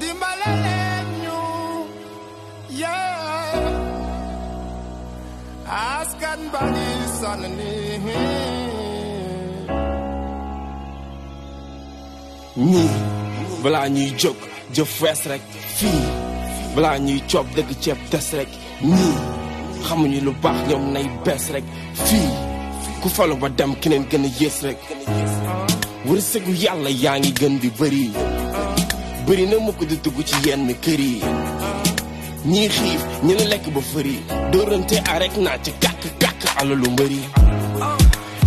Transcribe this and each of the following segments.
dimbalelenu yeah askan bani sanni Ni balaa ñuy jóg jëf fees rek fii balaa ñuy coob dëgg ceeb tes rek ñii xamuñu lu baax ñoom nay bees rek fii ku falu ba dem keneen gën a yées rek oh. wërsëgu yàlla yaa ngi gën di bëri bëri na mu di dugg ci yenn kër yi ñii xiif ñu ne lekk ba fëri dóorante arek naa ci kàkk kàkk alalu mbëri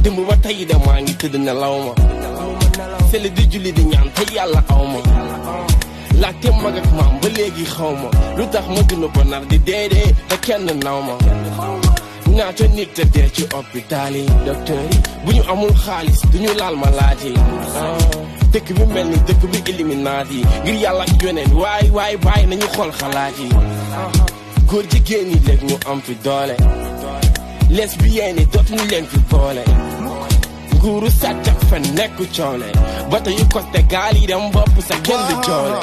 démb ba tey de maa ngi tëdd na law ma sele di julli di ñaan te yàlla aw ma laajte mag ak maam ba léegi xaw ma lu tax ma gën a bonar di deedee te kenn naw ma naa ca nit te dee ci hôpital yi docteur yi bu ñu amul xaalis du ñu laal ma laaj yi dëkk bi mel ni dëkk bi illuminati ngir yàlla ak yoneen waay waay waay nañu xool xalaat yi góor jigéen ñi léegi ñu am fi doole lesbiennes yi dootuñu leen fi boole nguuru sàcc ak fen nekku coole bato yu koste gaal yi dem bopp sa kenn du joole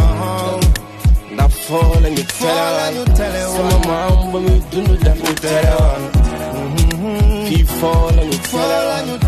ndax foo ñu telewoon sama maam ba muy dund daf ñu telewoon mm-hmm. fii foo ñu telewoon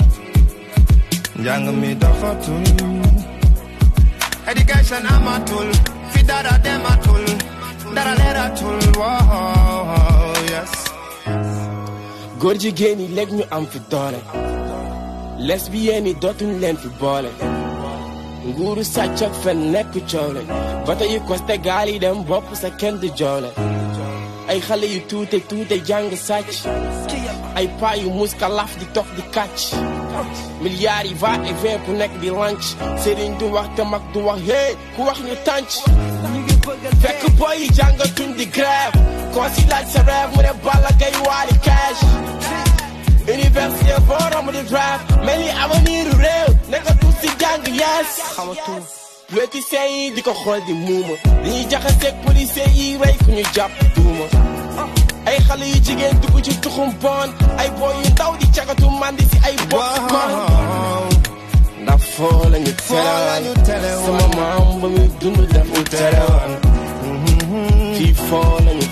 Young me dafatul Education am amatul Fidara dematul Dara leratul Wow, yes Góor jigéen yi léegi ñu am fi doole lesbiyeen yi dootuñ leen fi boole nguuru sàcc ak fen nekk coole bata yu koste gaal yi dem bopu sa kenn du joole ay xale yu tuute tuute jàng sach. ay pa yu muska laf di tox di catch milliards yi va et vient ku nekk di lanc sëriñ du wax te mag du wax hee ku wax ñu tànc fekk boy yi jàngatuñ di grève koo si laaj sa rêve mu ne Balla Gaye Wally cash université boo romb di draft mel ni avenir réew nekkatu si jàng yees xamatu wéeti sey yi di ko xool di muuma dañuy jaxaseeg policier yi rey ku ñu jàpp duuma ay xale yu jigéen dugg ci tuxum bon ay boy yu ndaw di cagatu mandi si ay box man ndax foo lañu tere woon sama maam ba muy dund daf mm-hmm. ñu tere woon fii foo lañu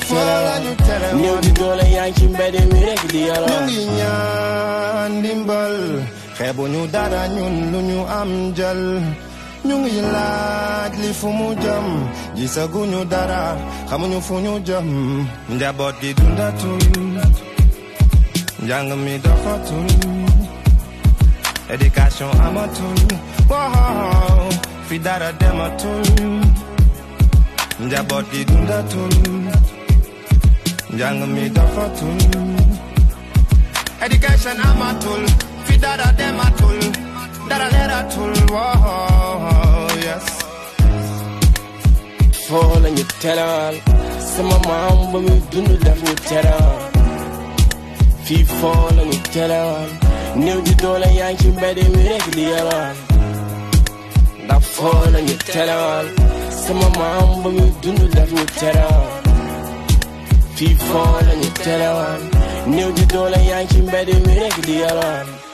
tere woon néew di doole yaa ngi ci mbedd mi rek di yoroon ñu ngi ñaan ndimbal xeebu ñu dara ñun lu ñu am jël ñu ngi laaj li fu mu jëm gisaguñu dara xamuñu fu ñu jëm njaboot gi dundatul njàng mi doxatul éducation amatul waaw fi dara dematul njaboot gi dundatul njàng mi doxatul éducation amatul fi dara dematul fool and you my sama maam ba muy dund daf ñu teral fii fall and ñu teral néew di doole yaa ngi ci mbedd mi rek di yalwaan ndax fool and ñu teral sama maam ba not dund daf ñu teral fii fool and ñu teral néew new doole yaa ngi ci mbedd mi rek di